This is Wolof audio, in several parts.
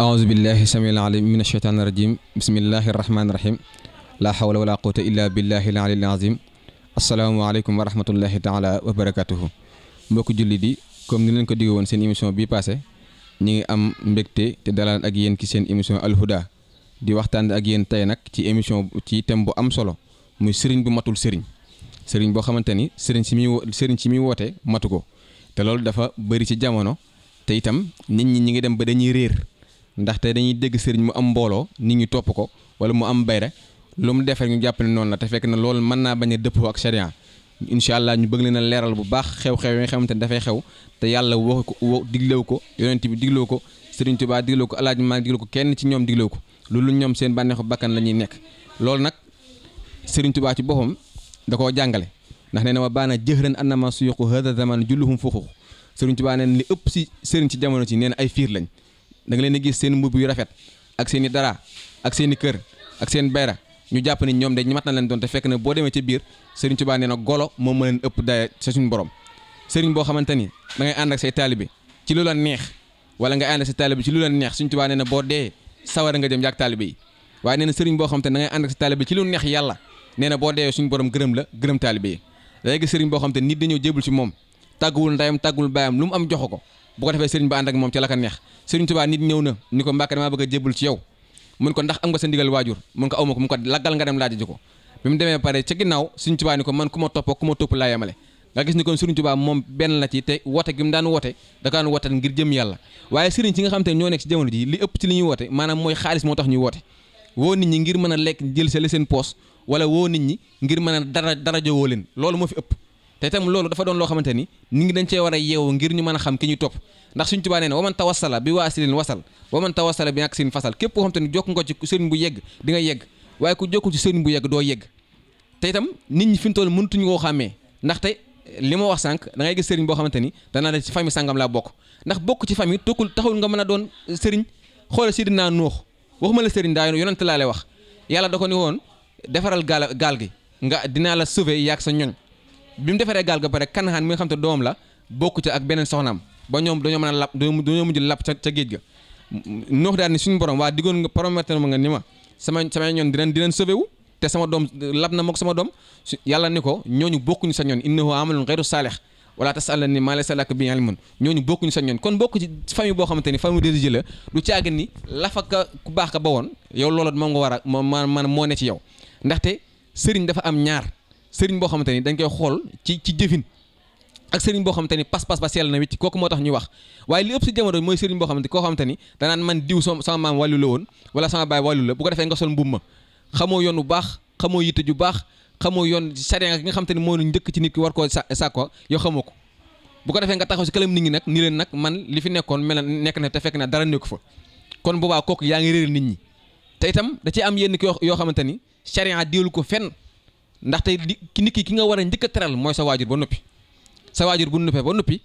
aouzu billahi samiil alim min asheytaani rajim bismillahi rahmaani rahim laa hawla wala quwata illa billahi alil azim asalaamaaleykum wa rahmatullahi taala wa barakatuhu mbokk julli di comme ni leen ko digge woon seen émission bii passé ñi ngi am mbégte te dalal ak yéen ci seen émission alhuda di waxtaan ak yéen tey nag ci émission ci thème bu am solo muy sëriñ bu matul sëriñ sëriñ boo xamante ni sëriñ si muy sëriñ si muy woote matu ko te loolu dafa bëri ci jamono te itam nit ñi ñi ngi dem ba dañuy réer ndaxte dañuy dégg sëriñ mu am mbooloo nit ñi topp ko wala mu am bayre lu mu defee ñu jàpp ne noonu la te fekk na loolu mën naa bañ a dëppoo ak sharia incha allah ñu bëgg leen leeral bu baax xew-xew yi nga xamante ne dafay xew te yàlla woo ko diglew ko yonent bi diglew ko sëriñ Tuubaa diglew ko alaaji Maalik diglew ko kenn ci ñoom diglew ko lu loolu ñoom seen bànneexu bàkkan la ñuy nekk loolu nag sëriñ Tuubaa ci boppam da koo jàngale ndax nee na ma baana jëxëran annama suyuqu hada zaman julluhum fuxux sëriñ Tuubaa neen li ëpp si sëriñ ci jamono ci nee na ay fiir lañ da leen di gis seen mbubb yu rafet ak seen dara ak seen i kër ak seen bayra ñu jàpp ni ñoom de ñu mat leen doon te fekk na boo demee ci biir Serigne Touba nee na golo moom ma leen ëpp daya sa borom Serigne boo xamante ni da ngay ànd ak say taalibe ci lu la neex wala nga ànd ak say taalibe ci lu la neex Serigne Touba nee na boo dee sawara nga jëm yàgg taalibe yi waaye nee boo xamante ni da ànd ak say taalibe ci lu neex yàlla nee na boo dee suñu borom gërëm la gërëm taalibe yi léegi Serigne boo xam ni nit dañoo jébul ci moom tàgguwul ndayam tàgguwul baayam lu mu am joxo ko bu ko defee sëriñ ba ànd moom ca la ka neex sëriñ Tuubaa nit ñëw na ni ko Mbàkke damaa bëgg a jébul ci yow mun ko ndax am nga sa waajur mun ko aw ma ko mun ko laggal nga dem laajji ko bi mu sëriñ Tuubaa ni ko man ku topp ku topp laa yemale nga gis ni kon sëriñ Tuubaa moom benn la ci te woote gi mu daan woote da daan woote ngir jëm yàlla waaye sëriñ si nga xam te ñoo nekk ci jamono ji li ëpp ci li ñuy woote maanaam mooy xaalis moo tax ñuy woote woo nit ñi ngir mën a lekk jël sale seen poos wala woo nit ñi ngir mën a dara dara jowoo leen loolu moo fi ëpp te itam loolu dafa doon loo xamante ni nit ngi dañ cee war a yeewu ngir ñu mën a xam ki ñuy topp ndax suñ tubaa nee na waman tawassala bi waasilin wasal waman tawassala bi ak seen fasal képp koo xamante ni jokk nga ci sëriñ bu yegg di nga yegg waaye ku jokkul ci sëriñ bu yegg doo yegg te itam nit ñi fi mu toll mëntuñu koo xàmmee ndax tey li ma wax sànq da ngay gis sëriñ boo xamante ni danaa la ci famille sàngam laa bokk ndax bokk ci famille tokkul taxul nga mën a doon sëriñ xoole si dinaa nuux waxuma la sëriñ daa yonent laa lay wax yàlla da ko ni woon defaral gaal gaal gi nga dinaa la sauver yaag sa ñoñ bi mu defaree gaal ga pare kanhaan mi nga xam doom la bokk ca ak beneen soxnaam ba ñoom dañoo mën a lap dañoo mujj lap ca ca géej ga noox daal ni suñ borom waa diggoon nga promettre ma nga ni ma sama sama ñoon dinañ dinañ sauvé wu te sama doom lab na mook sama doom yàlla ni ko ñooñu bokkuñu sa ñoon innahu amalun ghayru saalih wala tasal ni maa laysa laka bihi ilmun ñooñu bokkuñu sa ñoon kon bokku ci famille boo xamante ni famille religieuse la du caagin ni lafa ka ku baax ka ba woon yow loola moom nga war a moom maanaam moo ne ci yow ndaxte sëriñ dafa am ñaar sëriñ boo xamante ni dañ koy xool ci ci jëfin ak sëriñ boo xamante ni pas-pas ba sell na wicc kooku moo tax ñuy wax waaye li ëpp si jamono mooy sëriñ boo xamante koo xamante ni danaan man diw sama maam wàllu la woon wala sama baay wàllu yoon bu baax nga xamante ni moo nu njëkk ci nit ki war ko bu nga taxaw si këlam nit ñi nag ni leen nag man li fi fekk na dara nekku fa kon boobaa kooku yaa ngi réer nit ñi te itam da am yenn yoo xamante ni sariya diwlu ko fenn ndaxte li nit ki ki nga war a njëkk a teral mooy sa waajur ba noppi sa waajur bu noppee ba noppi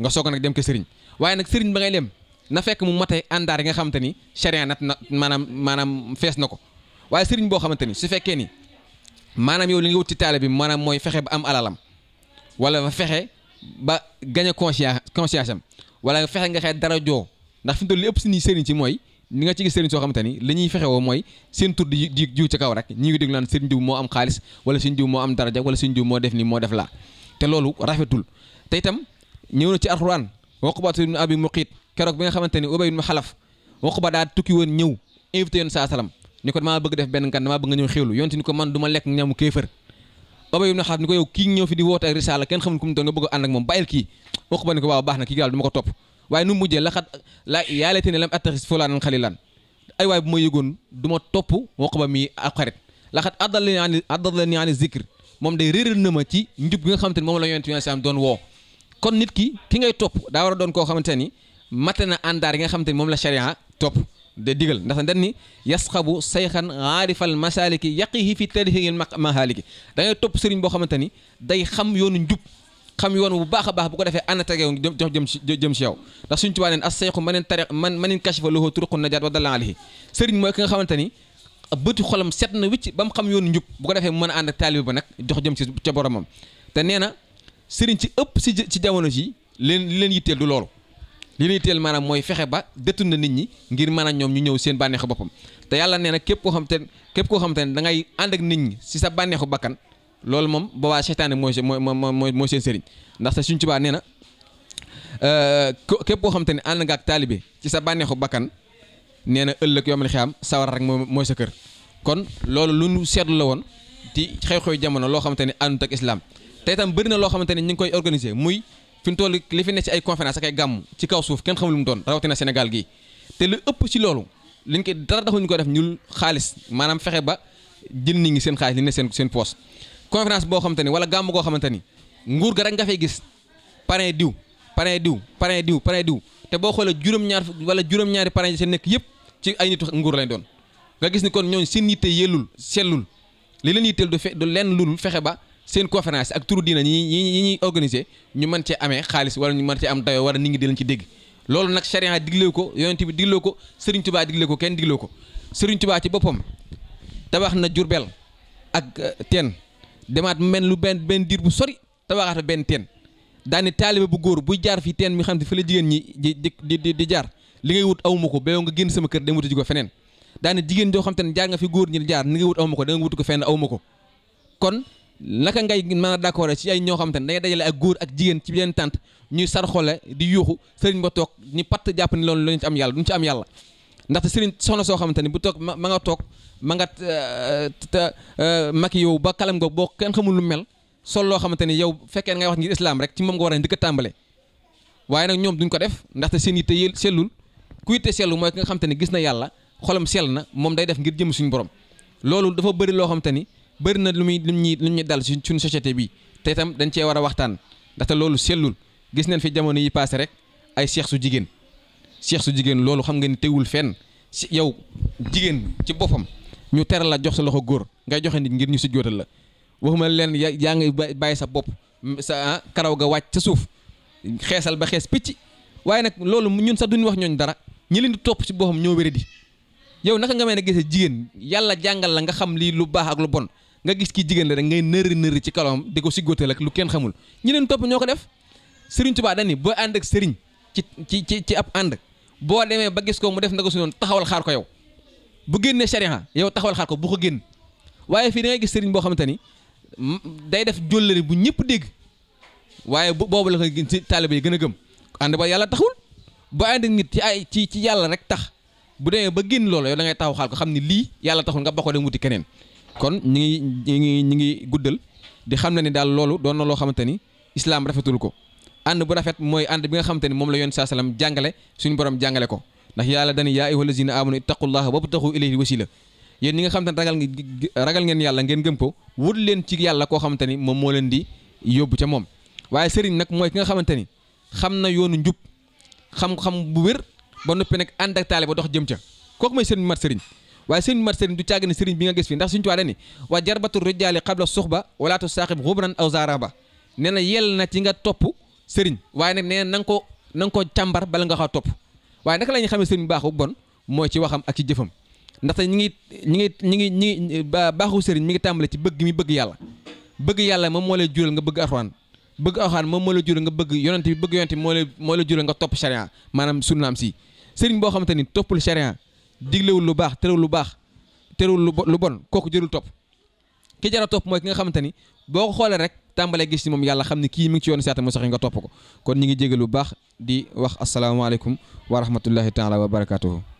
nga soog nag dem ko sëriñ waaye nag sëriñ ba ngay dem na fekk mu matee àndaar yi nga xamante ni charia nat na maanaam maanaam fees na ko waaye sëriñ boo xamante ni su fekkee ni maanaam yow li nga wut ci taale bi maanaam mooy fexe ba am alalam wala fexe ba gañ a conscience wala fexe nga xëy dara joo ndax fi mu toll li ëpp si nii sëriñ ci mooy ni nga ci gis sëriñ soo xamante ni la ñuy fexewoo mooy seen tur di di jiw ci kaw rek ñi ngi dégg naan sëriñ diw moo am xaalis wala sëriñ diw moo am daraja wala sëriñ diw moo def ni moo def laa te loolu rafetul te itam ñëw na ci alxuraan waqubatu ibn abi muqiit keroog bi nga xamante ni ubay ibn xalaf waquba daa tukki woon ñëw invité yoon saa salam ni ko damaa bëgg def benn ngan damaa bëgg nga ñëw xéwlu yonte ni ko man du ma lekk ñamu kéefër ubay ibn xalaf ni ko yow kii ñëw fi di woote waaye nu mujjee laxat la yaa laytanii lam attaxis fulaanan xaliilan ay waay bu ma yëgoon du ma topp Uqba mi ak xarit laxat addallanii ani addallanii ani zikr moom day réeral na ma ci njub gi nga xam ni moom la yonent bi am doon woo kon nit ki ki ngay topp daa doon koo xamante ni mate na àndaar yi nga xamante ni moom la sharia topp de digal ndax den ni yasxabu sayxan aarifal masaliki yaqihi fi tarihi mahaaliki da ngay topp sëriñ boo xamante ni day xam yoonu njub xam yoon bu baax a baax bu ko defee ànd tegeew jox jëm si jëm si yow ndax suñu tubaa neen a sayxu maneen tariq man maneen kashifa lahu turuqu najaat wa dalla alayhi sëriñ mooy ki nga xamante ni bëti xolam set na wicc ba mu xam yoon njub bu ko defee mën a ànd ak taalibi ba nag jox jëm si ca boromam te nee na sëriñ ci ëpp si ci jamono ji leen li leen yitteel du loolu li leen yitteel maanaam mooy fexe ba dëttu na nit ñi ngir a ñoom ñu ñëw seen bànneexu boppam te yàlla nee na képp koo xam te képp koo xam ne da ngay ànd ak nit ñi si sa bànneexu bakkan loolu moom boobaa seytaane mooy mooy mooy mooy seen sëriñ ndax sa suñ tubaa nee na euh, képp koo xam te ne ànd nga ak taalibe ci sa bànneexu bakkan nee na ëllëg yoo xam ne xiyam sawar rek mooy mooy sa kër kon loolu lu nu seetlu la woon ci xew-xew jamono loo xamante ne àndut ak islam te tam bëri na loo xamante ne ñu ngi koy organiser muy fi mu toll li fi ne si ay conférence ak ay gàmm ci kaw suuf kenn xamul lu mu doon rawatina Sénégal gii te lu ëpp ci loolu liñ koy dara taxul ñu ko def ñul xaalis maanaam fexe ba jël nit ñi seen xaalis li ne seen seen poos conférence boo xamante ni wala gàmm goo xamante ni nguur ga rek nga fay gis parrain diw parrain diw parrain diw parrain diw te boo xoolee juróom-ñaar wala juróom-ñaari parrain yi seen nekk yëpp ci ay nitu nguur lañ doon nga gis ni kon ñooñu seen yitte yellul sellul li leen yitteel du fe du lenn lul fexe ba seen conférence ak turu diina ñi ñi ñuy organiser ñu mën cee amee xaalis wala ñu mën cee am dayoo wala nit ngi di ci dégg loolu nag charia diglewu ko yonent bi diglewu ko Serigne Touba diglewu ko kenn diglewu ko Serigne Touba ci boppam tabax na Jurbel ak euh, teen demaat men lu benn benn diir bu sori tabaxaat fa benn teen daani taalibe bu góor buy jaar fii teen mi xam ne fi la jigéen ñi di di di jaar li ngay wut awma ko ba yow nga génn sama kër dem wuti ji ko feneen daani jigéen joo xam te ne jaar nga fi góor ñi di jaar ni ngay wut awma ko da wuti ko fenn awma ko kon naka ngay mën a d'accord ci ay ñoo xam te ne dangay dajale ak góor ak jigéen ci benn tànt ñuy sarxole di yuuxu sëriñ ba toog ñu pat jàpp ne loolu ñu ci am yàlla duñu ci am yàlla ndaxte sëriñ soxna soo xamante ne bu toog ma nga toog ma nga eh, eh, maki yow ba kalam nga boo kenn xamul lu mel sol loo xamante ni yow fekkee ngay wax ngir islam rek ci moom nga a njëkk a tàmbale waaye nag ñoom duñ ko def ndaxte seen yitte yël sellul ku yitte sellu mooy nga xamante ni gis na yàlla xolam sell na moom day def ngir jëm suñu borom loolu dafa bëri loo xamante ni bëri na lu muy lu ñuy lu ñuy dal suñu société bi te itam dañ cee war a waxtaan ndaxte loolu sellul gis nañ fi jamono yi paase rek ay seex jigéen seex jigéen loolu xam nga ni teewul fenn si yow jigéen ci boppam ñu teral la jox sa loxo góor ngay joxe nit ngir ñu si jóotal la waxuma leen yaa ngi bàyyi sa bopp sa ah, karaw ga wàcc sa suuf xeesal ba xees picc waaye nag loolu ñun sax duñ wax ñooñ dara ñi leen di topp si boppam ñoo wére di yow naka nga mën a gisee jigéen yàlla jàngal la nga xam lii lu baax ak lu bon nga gis kii jigéen la rek ngay nëri nëri ci kalawam di ko si góotal ak lu kenn xamul ñi leen topp ñoo ko def Sëriñ Tuubaa dani boo ànd ak sëriñ ci ci ci ab ànd boo demee ba gis ko mu def na ko su noonu taxawal xaar ko yow bu génnee sharia yow taxawal xaar ko bu ko génn waaye fii da ngay gis sëriñ boo xamante ni day def jóllari bu ñëpp dégg waaye boobu la ko ci taalibe yi gën a gëm ànd ba yàlla taxul bu ànd nit ci ay ci ci yàlla rek tax bu demee ba génn loola yow ngay taxaw xaal ko xam ni lii yàlla taxul nga bokkoo dem wuti keneen kon ñi ngi ñi ngi ñi ngi guddal di xam ne ni daal loolu doon na loo xamante ni islaam rafetul ko ànd bu rafet mooy ànd bi nga xamante ni moom la yoon saa salaam jàngale suñu borom jàngale ko ndax yàlla dani yaa ayyuhal lazina amanu ittaqullaha wabtaxu ilayhi wasila yéen ñi nga xam te ne ragal ragal ngeen yàlla ngeen gëm ko wut leen ci yàlla koo xamante ni moom moo leen di yóbbu ca moom waaye sëriñ nag mooy ki nga xamante ni xam na yoonu njub xam-xam bu wér ba noppi nag ànd ak taale dox jëm ca kooku mooy sëriñ mat sëriñ waaye sëriñ mat sëriñ du càgg ne seriñ bi nga ges fi ndax suñu tuwaa dani waa jarbatu rijaali qabla suxba wala tu saaxib xubran aw zaaraba nee na yell na ci nga topp sëriñ waaye nag nee na nga ko na nga ko càmbar bala nga xaw topp waaye naka la ñuy xamee sëriñ baaxu bon mooy ci waxam ak ci jëfam ndaxte ñi ngi ñi ngi ñi ngi ñi ngi baaxu sëriñ mi ngi tàmbale ci bëgg mi bëgg yàlla bëgg yàlla moom moo lay jural nga bëgg alxuraan bëgg alxuraan moom moo lay jural nga bëgg yonent bi bëgg yonent bi moo lay moo lay jural nga topp charia maanaam sunnaam si sëriñ boo xamante ni toppul charia diglewul lu baax terewul lu baax terewul lu bon kooku jërul topp ki jar a topp mooy ki nga xamante ni boo ko xoolee rek tàmbalee gis ci moom yàlla xam ne kii mi ngi ci yoon siyaata moo nga topp ko kon ñu ngi jégal bu baax di wax asalaamaaleykum wa rahmatullahi taala wa barakaatuhu